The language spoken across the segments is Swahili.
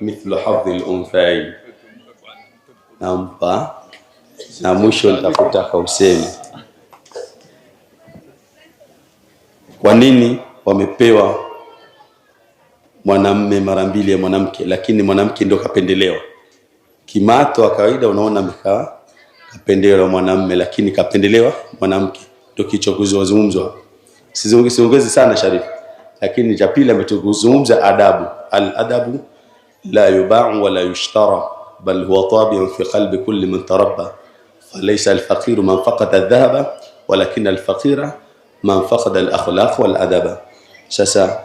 mithlu hadhi al nampa na mwisho nitakutaka useme kwa nini wamepewa mwanamme mara mbili ya mwanamke, lakini mwanamke ndio kapendelewa. Kimato wa kawaida unaona amekaa kapendelewa mwanamme, lakini kapendelewa mwanamke, ndio kichokuzungumzwa. Sizungumzi sana Sharifu, lakini cha pili ametuzungumza adabu, al adabu la yubau wala yushtara bal huwa tabiun fi qalbi kulli man tarabba falaysa alfaqiru man faqada aldhahaba walakin alfaqira man faqada alakhlaq waladaba. Sasa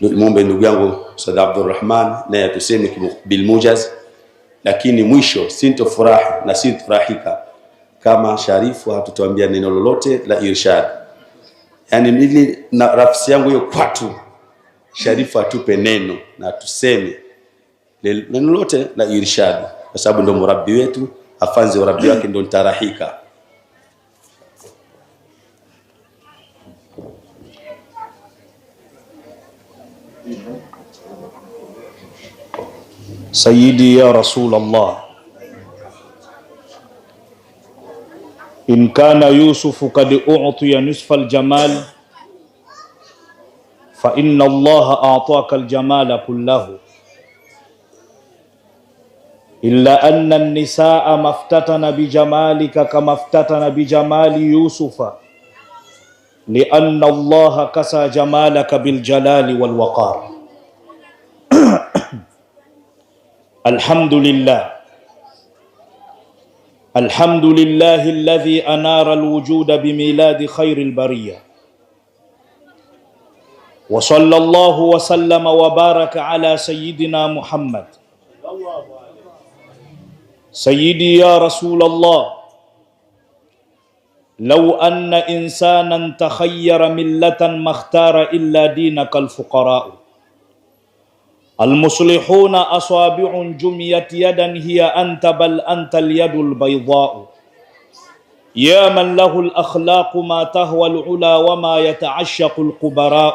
muombe ndugu yangu Ustadh Abdurrahman naye atuseme bilmujaz, lakini mwisho sintofurahi na sintorahika kama Sharifu hatutuambia neno lolote la irshad. Yani mimi na rafsi yangu hiyo kwatu Sharifu atupe neno na tuseme neno lote la irshadi, kwa sababu ndio murabbi wetu, afanze urabbi wake ndio nitarahika. Sayyidi ya Rasul Allah in kana yusufu kad utiya nisfa aljamal fa inna allaha ataka aljamala kullahu إلا أن النساء ما افتتن بجمالك كما افتتن بجمال يوسف لأن الله كسى جمالك بالجلال والوقار الحمد لله الحمد لله الذي أنار الوجود بميلاد خير البرية وصلى الله وسلم وبارك على سيدنا محمد سيدي يا رسول الله لو أن إنسانا تخير ملة ما اختار إلا دينك الفقراء المصلحون أصابع جميت يدا هي أنت بل أنت اليد البيضاء يا من له الأخلاق ما تهوى العلا وما يتعشق الكبراء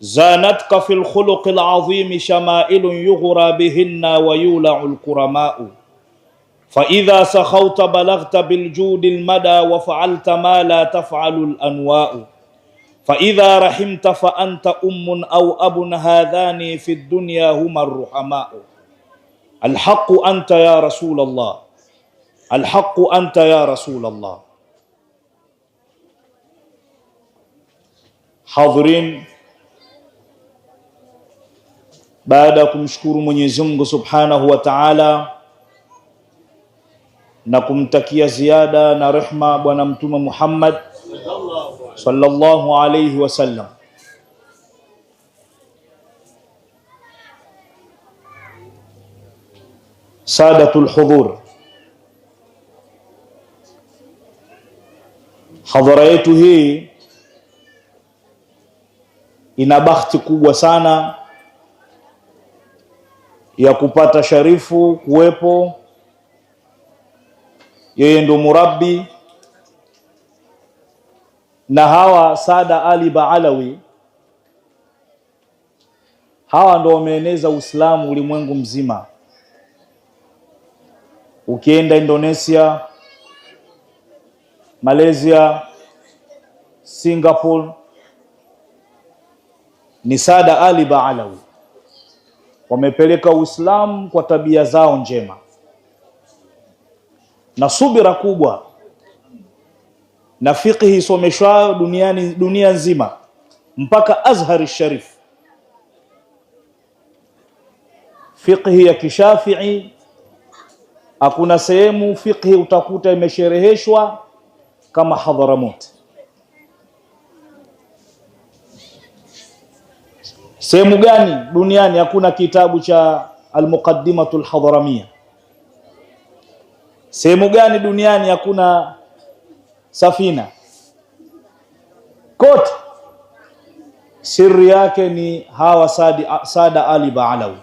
زانتك في الخلق العظيم شمائل يغرى بهن ويولع الكرماء فإذا سخوت بلغت بالجود المدى وفعلت ما لا تفعل الأنواء فإذا رحمت فأنت أم أو أب هذان في الدنيا هما الرحماء الحق أنت يا رسول الله الحق أنت يا رسول الله حاضرين بعدكم شكر من Mwenyezi سبحانه وتعالى na kumtakia ziada na rehma Bwana Mtume Muhammad sallallahu alayhi wasallam. Sadatul hudhur, hadhara yetu hii ina bahati kubwa sana ya kupata sharifu kuwepo yeye ndo murabbi na hawa Sada Ali Baalawi hawa ndo wameeneza Uislamu ulimwengu mzima. Ukienda Indonesia, Malaysia, Singapore ni Sada Ali Baalawi, wamepeleka Uislamu kwa tabia zao njema na subira kubwa na fiqhi isomeshwa duniani dunia nzima mpaka Azhari Sharif, fiqhi ya Kishafii. Hakuna sehemu fiqhi utakuta imeshereheshwa kama Hadharamout. Sehemu gani duniani hakuna kitabu cha Almuqaddimatu Lhadharamia Sehemu gani duniani hakuna safina? Kote. Siri yake ni hawa Sadi, Sada Ali Baalawi.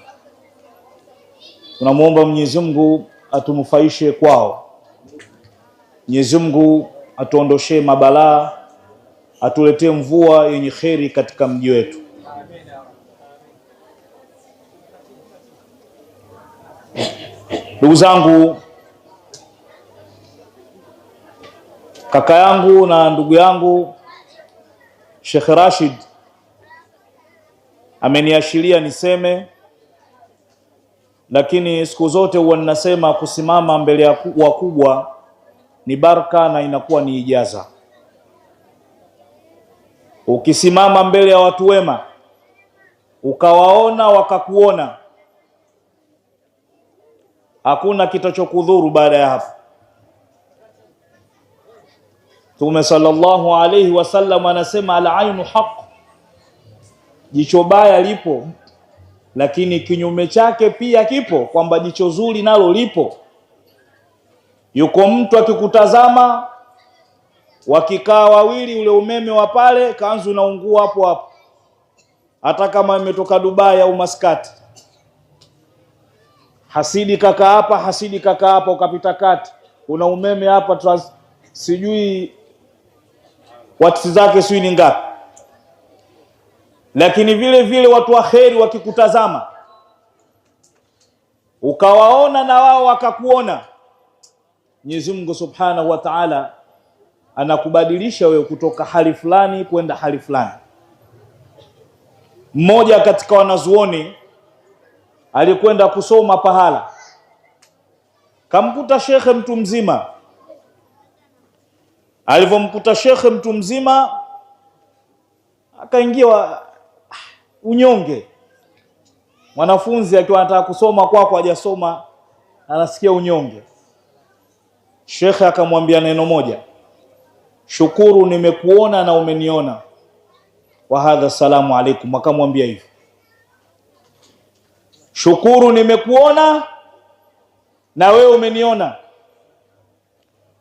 Tunamwomba Mwenyezi Mungu atumufaishe kwao. Mwenyezi Mungu atuondoshee mabalaa, atuletee mvua yenye kheri katika mji wetu. Ndugu zangu kaka yangu na ndugu yangu Sheikh Rashid ameniashiria niseme, lakini siku zote huwa ninasema kusimama mbele ya wakubwa ni baraka na inakuwa ni ijaza. Ukisimama mbele ya watu wema ukawaona wakakuona, hakuna kitachokudhuru baada ya hapo. Mtume sallallahu alayhi wasallam anasema alainu haq jicho baya lipo, lakini kinyume chake pia kipo, kwamba jicho zuri nalo lipo. Yuko mtu akikutazama, wakikaa wawili, ule umeme wa pale kanzu unaungua hapo hapo, hata kama imetoka Dubai au Maskati. Hasidi kaka hapa, hasidi kaka hapa, ukapita kati, una umeme hapa trans, sijui watsi zake sijui ni ngapi. Lakini vile vile watu waheri wakikutazama ukawaona na wao wakakuona, Mwenyezi Mungu Subhanahu wa Ta'ala anakubadilisha wewe kutoka hali fulani kwenda hali fulani. Mmoja katika wanazuoni alikwenda kusoma pahala, kamkuta shekhe mtu mzima Alivyomkuta shekhe mtu mzima, akaingiwa unyonge. Mwanafunzi akiwa anataka kusoma kwako, hajasoma anasikia unyonge. Shekhe akamwambia neno moja, shukuru, nimekuona na umeniona. Wa hadha salamu alaikum, akamwambia hivyo, shukuru, nimekuona na wewe umeniona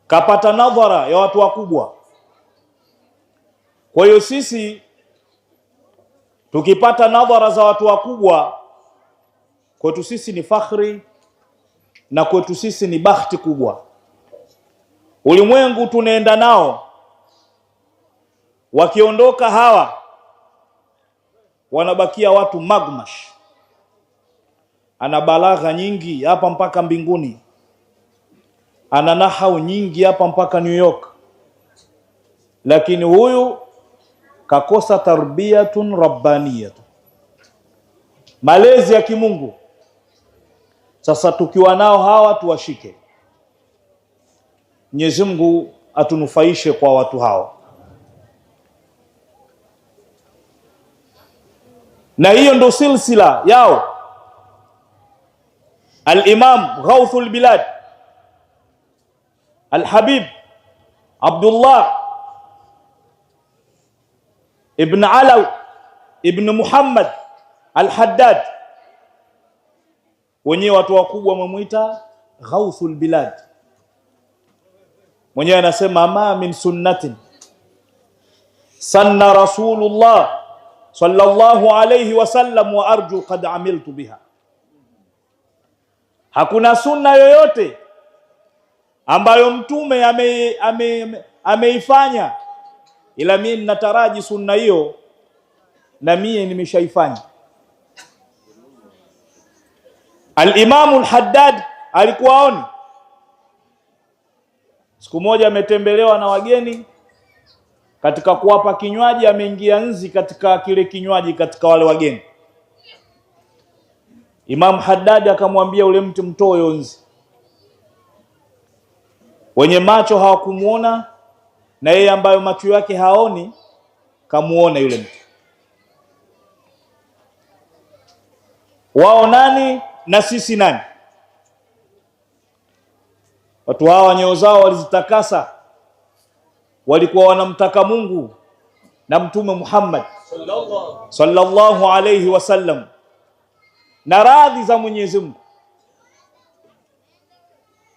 kapata nadhara ya watu wakubwa. Kwa hiyo sisi tukipata nadhara za watu wakubwa, kwetu sisi ni fakhri na kwetu sisi ni bahati kubwa. Ulimwengu tunaenda nao, wakiondoka hawa wanabakia watu magmash, ana balagha nyingi hapa mpaka mbinguni ana nahau nyingi hapa mpaka New York, lakini huyu kakosa tarbiyatun rabbaniyatun, malezi ya kimungu. Sasa tukiwa nao hawa tuwashike. Mwenyezi Mungu atunufaishe kwa watu hao, na hiyo ndo silsila yao. Al-Imam Bilad الحبيب عبد الله ابن علو ابن Muhammad al-Haddad wenyewe watu wakubwa wamemwita Ghauthul Bilad mwenyewe anasema ma min sunnatin sanna rasulullah sallallahu alayhi wasallam wa arju qad amiltu biha hakuna sunna yoyote ambayo mtume ame, ame, ameifanya, ila mimi ninataraji sunna hiyo na mie nimeshaifanya. Alimamu Lhaddad alikuwa aoni. Siku moja ametembelewa na wageni, katika kuwapa kinywaji ameingia nzi katika kile kinywaji, katika wale wageni. Imamu Haddad akamwambia ule mtu, mtoe nzi wenye macho hawakumwona na yeye ambayo macho yake haoni kamuona yule mtu. Wao nani na sisi nani? Watu hawa nyoyo zao walizitakasa, walikuwa wanamtaka Mungu na Mtume Muhammad sallallahu alayhi wasallam na radhi za Mwenyezi Mungu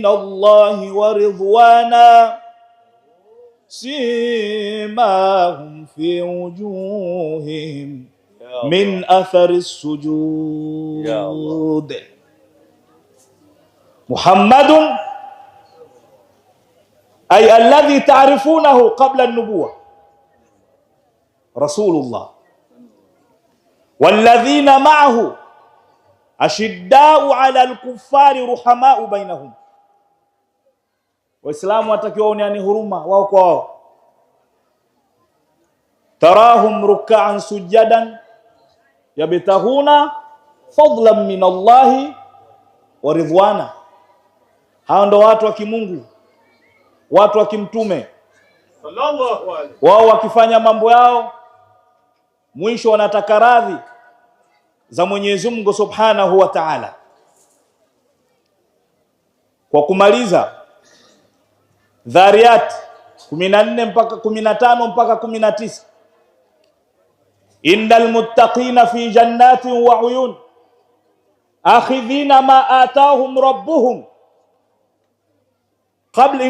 من الله ورضوانا سيماهم في وجوههم من أثر السجود محمد أي الذي تعرفونه قبل النبوة رسول الله والذين معه أشداء على الكفار رحماء بينهم Waislamu watakiwa uniani huruma wao kwa wao. Tarahum rukaan sujadan yabtaghuna fadlan min Allahi wa ridwana. hao ndo watu wa kimungu, watu wa kimtume, wao wakifanya mambo yao mwisho wanataka radhi za Mwenyezi Mungu Subhanahu wa Ta'ala. Kwa kumaliza Dhariyat 14 mpaka 15 mpaka 19 innal muttaqina fi jannatin wa uyun akhidhina ma atahum rabbuhum qabla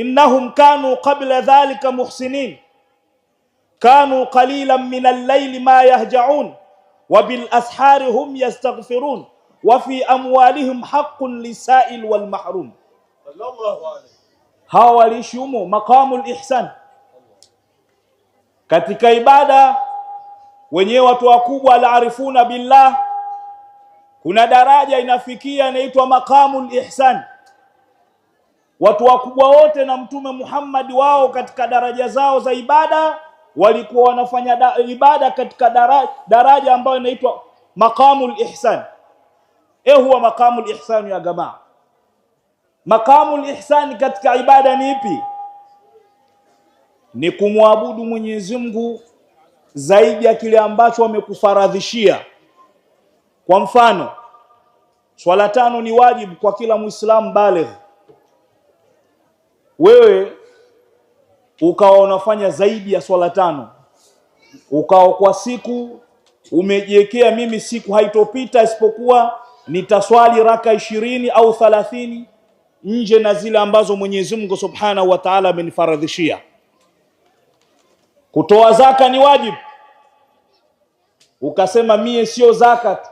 innahum kanu qabla dhalika muhsinin kanu qalilan min al-layli ma yahja'un wa bil ashari hum yastaghfirun wa fi amwalihim haqqun lisa'il wal mahrum Allahu alayhi hawa waliishi humo maqamul ihsan katika ibada wenyewe watu wakubwa alarifuna billah, kuna daraja inafikia inaitwa maqamul ihsan. Watu wakubwa wote na Mtume Muhammad wao katika daraja zao za ibada walikuwa wanafanya da, ibada katika daraja, daraja ambayo inaitwa maqamul ihsan. Eh, huwa maqamul ihsan ya jamaa Makamu lihsani katika ibada ni ipi? Ni kumwabudu Mwenyezi Mungu zaidi ya kile ambacho amekufaradhishia. Kwa mfano, swala tano ni wajibu kwa kila Muislamu baligh. Wewe ukawa unafanya zaidi ya swala tano, ukawa kwa siku umejiwekea, mimi siku haitopita isipokuwa nitaswali raka ishirini au thalathini nje na zile ambazo Mwenyezi Mungu Subhanahu wa Ta'ala amenifaradhishia. Kutoa zaka ni wajibu, ukasema mie sio zakat,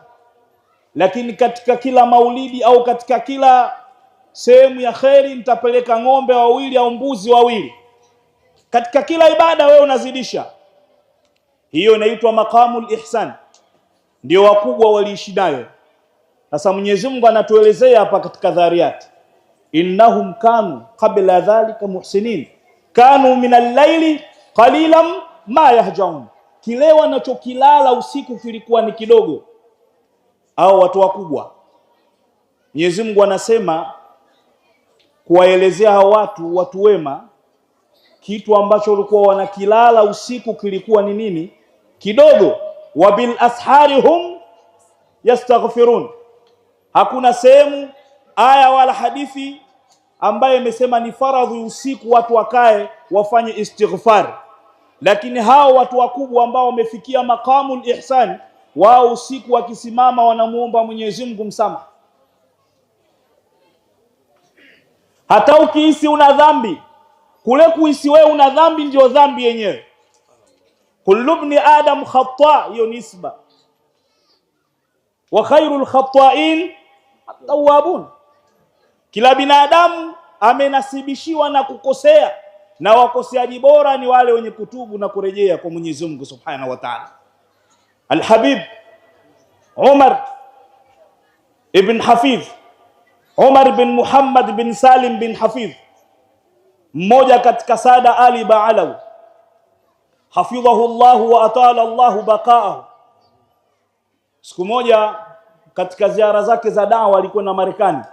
lakini katika kila maulidi au katika kila sehemu ya kheri nitapeleka ng'ombe wawili au mbuzi wawili. Katika kila ibada wewe unazidisha, hiyo inaitwa maqamu ihsan, ndio wakubwa waliishi nayo. Sasa Mwenyezi Mungu anatuelezea hapa katika dhariati innahum kanu qabla dhalika muhsinin kanu min al-laili qalilan ma yahjaun, kile wanachokilala usiku kilikuwa ni kidogo. Au watu wakubwa, Mwenyezi Mungu anasema kuwaelezea hao watu, watu wema, kitu ambacho walikuwa wanakilala usiku kilikuwa ni nini? Kidogo. wa bil ashari hum yastaghfirun. Hakuna sehemu aya wala hadithi ambaye imesema ni faradhi usiku watu wakae wafanye istighfar, lakini hao watu wakubwa ambao wamefikia maqamul ihsan, wao usiku wakisimama wanamuomba Mwenyezi Mungu msamaha. Hata ukihisi una dhambi, kule kuhisi wewe una dhambi ndio dhambi yenyewe. Kullu ibn adam khata, hiyo nisba, wa khairul khata'in at-tawwabun kila binadamu amenasibishiwa na kukosea, na wakoseaji bora ni wale wenye kutubu na kurejea kwa Mwenyezi Mungu Subhanahu wa Ta'ala. Al-Habib Umar ibn Hafiz, Umar bin Muhammad bin Salim bin Hafiz, mmoja katika sada Ali Baalawi, hafidhahu llahu wa atala llahu baqaahu. Siku moja katika ziara zake za dawa na Marekani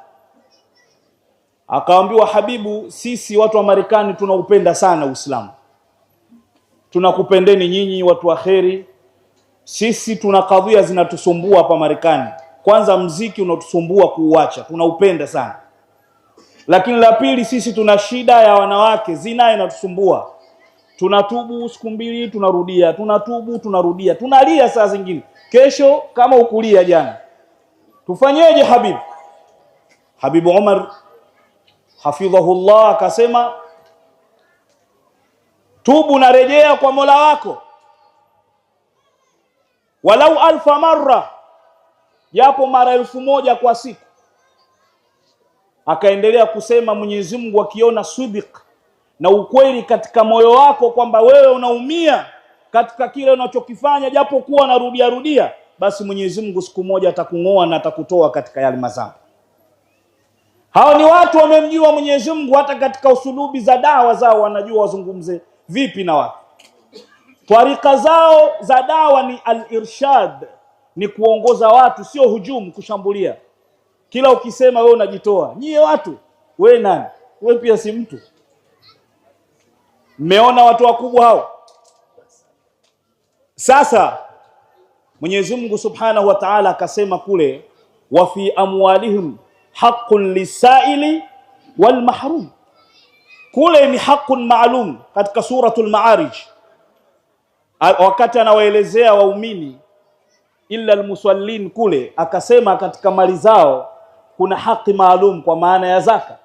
Akaambiwa Habibu, sisi watu wa Marekani tunaupenda sana Uislamu, tunakupendeni nyinyi watu wa kheri. Sisi tuna kadhia zinatusumbua hapa Marekani. Kwanza, mziki unatusumbua kuuacha, tunaupenda sana lakini la pili, sisi tuna shida ya wanawake, zina inatusumbua. Tunatubu siku mbili, tunarudia, tunatubu, tunarudia, tunalia saa zingine, kesho kama ukulia jana. Tufanyeje Habibu? Habibu Omar hafidhahullah akasema, tubu na rejea kwa Mola wako walau alfa marra, japo mara elfu moja kwa siku. Akaendelea kusema Mwenyezi Mungu akiona sidik na ukweli katika moyo wako kwamba wewe unaumia katika kile unachokifanya, japo kuwa narudia rudia, basi Mwenyezi Mungu siku moja atakung'oa na atakutoa katika yale mazambi. Hao ni watu wamemjua Mwenyezi Mungu, hata katika usulubi za dawa zao wanajua wazungumze vipi na watu. tarika zao za dawa ni al-irshad, ni kuongoza watu, sio hujumu, kushambulia. Kila ukisema Wewe unajitoa. Nyie watu, wewe nani? We pia si mtu. Mmeona watu wakubwa hao. Sasa Mwenyezi Mungu Subhanahu wa Ta'ala akasema kule, wa fi amwalihim haqqun lisaili wal mahrum, kule ni haqqun maalum katika suratul Maarij, wakati anawaelezea waumini illa almusallin, kule akasema katika mali zao kuna haki maalum kwa maana ya zaka.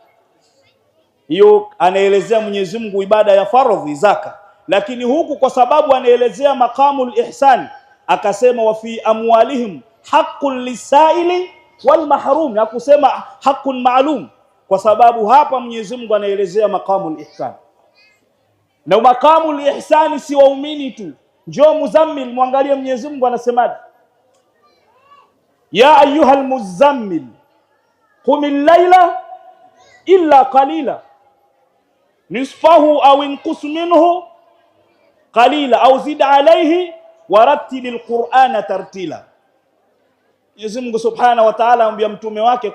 Hiyo anaelezea Mwenyezi Mungu ibada ya faradhi zaka, lakini huku kwa sababu anaelezea maqamul ihsan akasema wa fi amwalihim haqqun lisaili wal mahrum, hakusema hakun maalum, kwa sababu hapa Mwenyezi Mungu anaelezea maqamul ihsan, na maqamul ihsani si waumini tu. Njoo Muzammil, mwangalie Mwenyezi Mungu anasemaje, ya ayuha muzammil qum laila illa qalila nisfahu au inqus minhu qalila au zid alayhi warattilil qur'ana tartila Mwenyezi Mungu Subhanahu wa Ta'ala amwambia mtume wake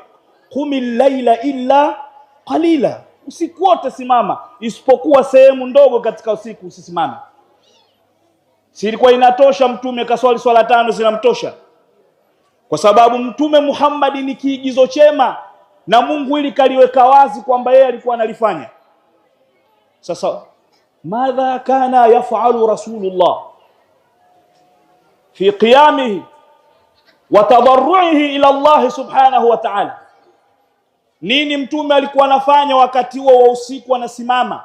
kumi laila illa qalila, usiku wote simama isipokuwa sehemu ndogo katika usiku usisimame. Si ilikuwa inatosha mtume kaswali swala tano zinamtosha, kwa sababu mtume Muhammad ni kiigizo chema na Mungu ili kaliweka wazi kwamba yeye alikuwa analifanya. Sasa madha kana yafalu rasulullah fi qiyamihi wa tadarruihi ila Allah subhanahu wa ta'ala. Nini mtume alikuwa anafanya wakati huo wa usiku? Anasimama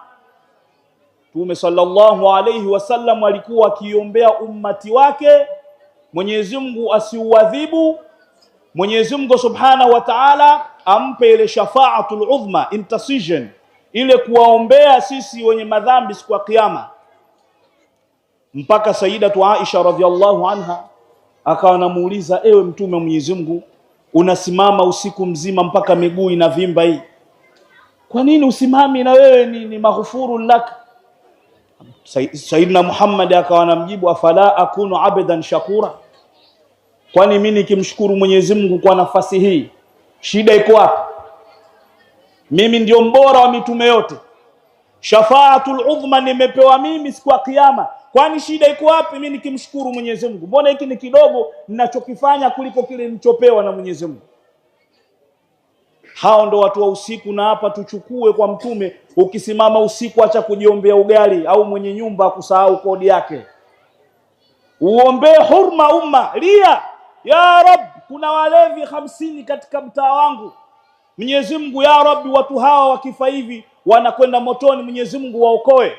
mtume sallallahu alayhi wasallam, alikuwa akiombea ummati wake, Mwenyezi Mungu asiuadhibu, Mwenyezi Mungu subhanahu wa ta'ala ampe ile shafaatul udhma, intercession ile kuwaombea sisi wenye madhambi siku ya Kiyama, mpaka Sayyidatu Aisha radhiyallahu anha akawa namuuliza, ewe mtume wa Mwenyezi Mungu, unasimama usiku mzima mpaka miguu inavimba hii, kwa nini usimami na wewe ni, ni maghfuru lak? Sayyidina Muhammad akawa namjibu, afala akunu abdan shakura, kwani mimi nikimshukuru Mwenyezi Mungu kwa nafasi hii, shida iko wapi? Mimi ndio mbora wa mitume yote, shafaatul udhma nimepewa mimi siku ya Kiyama. Kwani shida iko wapi? Mimi nikimshukuru Mwenyezi Mungu, mbona hiki ni kidogo ninachokifanya kuliko kile nilichopewa na Mwenyezi Mungu? Hao ndo watu wa usiku, na hapa tuchukue kwa Mtume, ukisimama usiku acha kujiombea ugali au mwenye nyumba kusahau kodi yake, uombee hurma umma, lia ya Rab, kuna walevi hamsini katika mtaa wangu. Mwenyezi Mungu, ya Rabbi, watu hawa wakifa hivi wanakwenda motoni. Mwenyezi Mungu waokoe.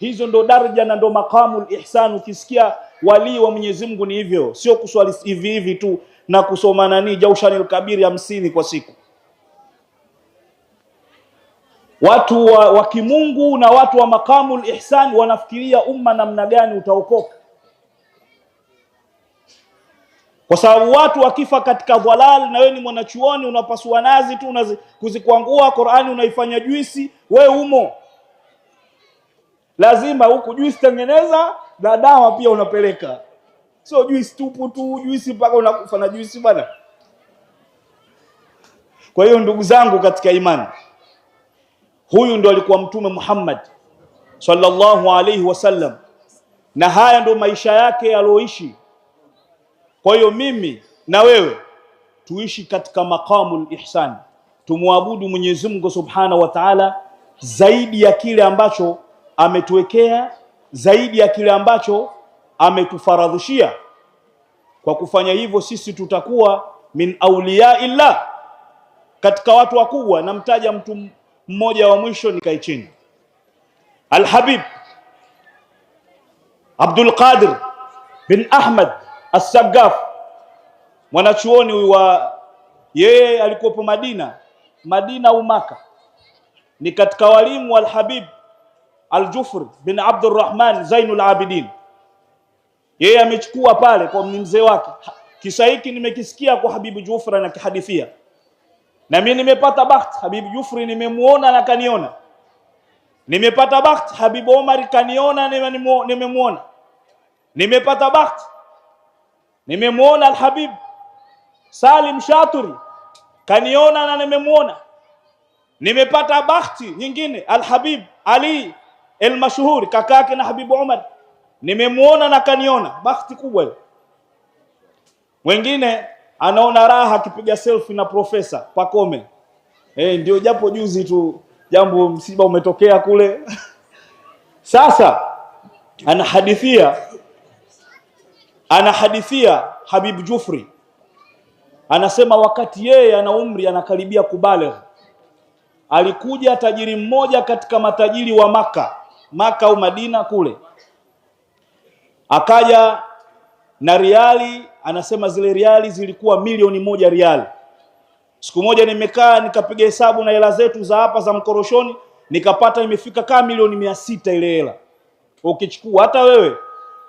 Hizo ndo daraja na ndo makamu ihsan. Ukisikia walii wa Mwenyezi Mungu ni hivyo, sio kuswali hivi hivi tu na kusoma nani Jaushanil Kabiri hamsini kwa siku. Watu wa, wa kimungu na watu wa maqamul ihsan wanafikiria umma namna gani utaokoka, kwa sababu watu wakifa katika dhalal, na wewe ni mwanachuoni unapasua nazi tu kuzikwangua, Qur'ani unaifanya juisi, we umo lazima huku juisi tengeneza na dawa pia unapeleka, sio juisi tupu tu, juisi mpaka unakufa na juisi bwana. Kwa hiyo ndugu zangu katika imani, huyu ndo alikuwa Mtume Muhammad sallallahu alaihi wasallam, na haya ndo maisha yake alioishi. Kwa hiyo mimi na wewe tuishi katika maqamu ihsan, tumwabudu Mwenyezi Mungu subhanahu wa taala zaidi ya kile ambacho ametuwekea zaidi ya kile ambacho ametufaradhishia. Kwa kufanya hivyo, sisi tutakuwa min auliyaillah, katika watu wakubwa. Namtaja mtu mmoja wa mwisho, nikae chini, Alhabib Abdul Qadir bin Ahmad Assagaf, mwanachuoni huyu wa yeye alikuwepo Madina, Madina au Maka, ni katika walimu wa Alhabib Al-Jufr bin Abdurrahman Zainul Abidin, yeye amechukua pale kwa mzee wake. Kisa hiki nimekisikia kwa Habibu Jufri anakihadithia, na mimi nimepata bahati, Habibu Jufri nimemuona na kaniona. Nimepata bahati, Habibu Omar kaniona, nimemuona. Nimepata bahati, nimemuona Al-Habib Salim Shaturi kaniona na nimemuona. Nimepata bahati nyingine Al-Habib Ali El Mashuhuri kaka yake na Habibu Umar, nimemwona na kaniona, bahati kubwa hiyo. Wengine anaona raha akipiga selfie na profesa Pakome. Eh, ndio japo juzi tu jambo msiba umetokea kule sasa anahadithia anahadithia Habib Jufri anasema, wakati yeye ana umri anakaribia kubalegh, alikuja tajiri mmoja katika matajiri wa Maka Maka au Madina kule, akaja na riali, anasema zile riali zilikuwa milioni moja riali. Siku moja nimekaa nikapiga hesabu na hela zetu za hapa za mkoroshoni, nikapata imefika kama milioni mia sita ile hela. Ukichukua hata wewe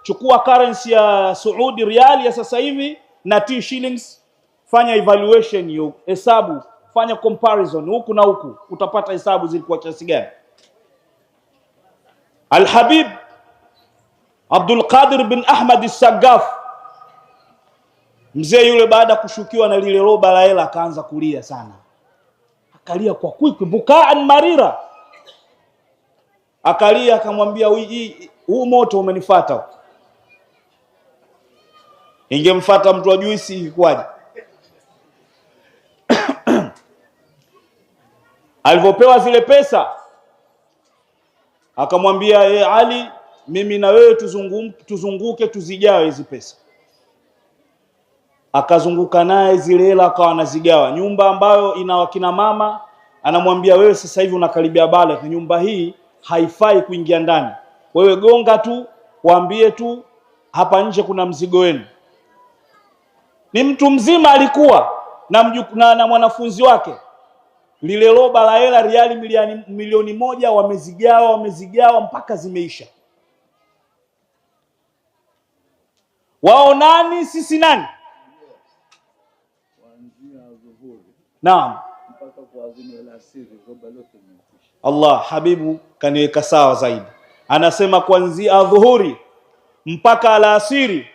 chukua currency ya Saudi riali ya sasa hivi na T shillings, fanya evaluation hiyo, hesabu fanya comparison huku na huku, utapata hesabu zilikuwa kiasi gani. Alhabib Abdul Qadir bin Ahmad Sagaf, mzee yule, baada ya kushukiwa na lile roba la hela, akaanza kulia sana, akalia kwa kwikwi, bukaan marira, akalia akamwambia, huu moto umenifata. Ingemfata mtu wa juisi ikwaje? alivyopewa zile pesa akamwambia e, Ali, mimi na wewe tuzungu, tuzunguke tuzigawe hizi pesa. Akazunguka naye zile hela akawa anazigawa. Nyumba ambayo ina wakina mama anamwambia wewe, sasa hivi unakaribia balagha, nyumba hii haifai kuingia ndani, wewe gonga tu, waambie tu hapa nje kuna mzigo wenu. Ni mtu mzima alikuwa na, mjuku, na, na mwanafunzi wake lile roba la hela riali milioni, milioni moja wamezigawa wamezigawa mpaka zimeisha. Wao nani sisi nani? Naam. Allah habibu kaniweka sawa zaidi, anasema kuanzia dhuhuri mpaka alasiri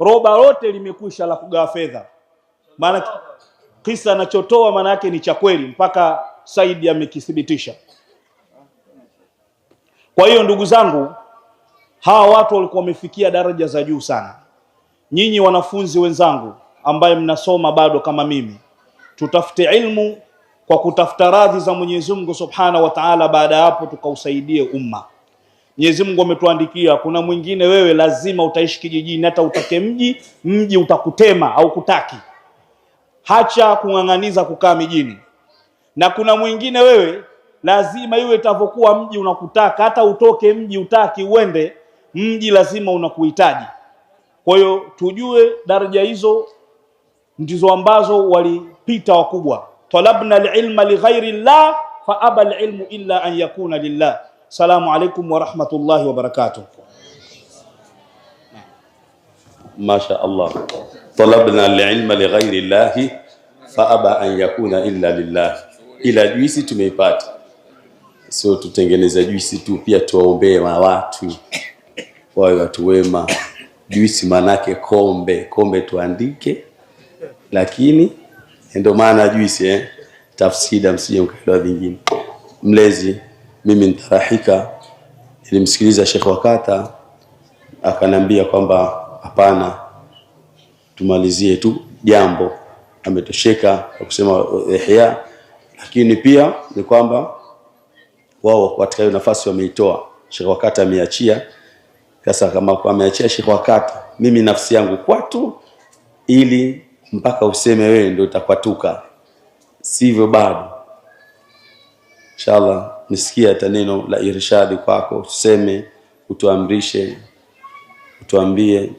roba lote limekwisha la kugawa fedha maana kisa anachotoa maana yake ni cha kweli mpaka Said amekithibitisha. Kwa hiyo ndugu zangu, hawa watu walikuwa wamefikia daraja za juu sana. Nyinyi wanafunzi wenzangu, ambaye mnasoma bado kama mimi, tutafute ilmu kwa kutafuta radhi za Mwenyezi Mungu Subhanahu wa Ta'ala. Baada ya hapo, tukausaidie umma. Mwenyezi Mungu ametuandikia, kuna mwingine wewe lazima utaishi kijijini, hata utake mji, mji utakutema au kutaki hacha kung'ang'aniza kukaa mijini. Na kuna mwingine wewe lazima iwe itavyokuwa mji unakutaka, hata utoke mji utaki uende mji, lazima unakuhitaji. Kwa hiyo tujue daraja hizo ndizo ambazo walipita wakubwa. talabna alilma lighairi llah fa aba alilmu illa an yakuna lillah. Salamu alaikum wa rahmatullahi wa barakatuh. Masha Allah talabna alilma lighairi llahi faaba an yakuna illa lillah, ila juisi tumeipata. Sio tutengeneza juisi tu, pia tuwaombee watu wawe watu wema. Juisi manake kombe, kombe tuandike, lakini ndio maana juisi eh? Tafsida, msije mkaelewa vingine. Mlezi mimi nitarahika, nilimsikiliza Sheikh Wakata akanambia kwamba hapana tumalizie tu jambo, ametosheka kwa kusema Ihya. Eh, Lakini pia ni kwamba wao katika hiyo nafasi wameitoa, Sheikh Wakati ameachia. Sasa kama ameachia Sheikh Wakati, mimi nafsi yangu kwatu, ili mpaka useme wewe ndio utakwatuka, sivyo bado Inshallah nisikie hata neno la irshadi kwako, tuseme, utuamrishe, utuambie.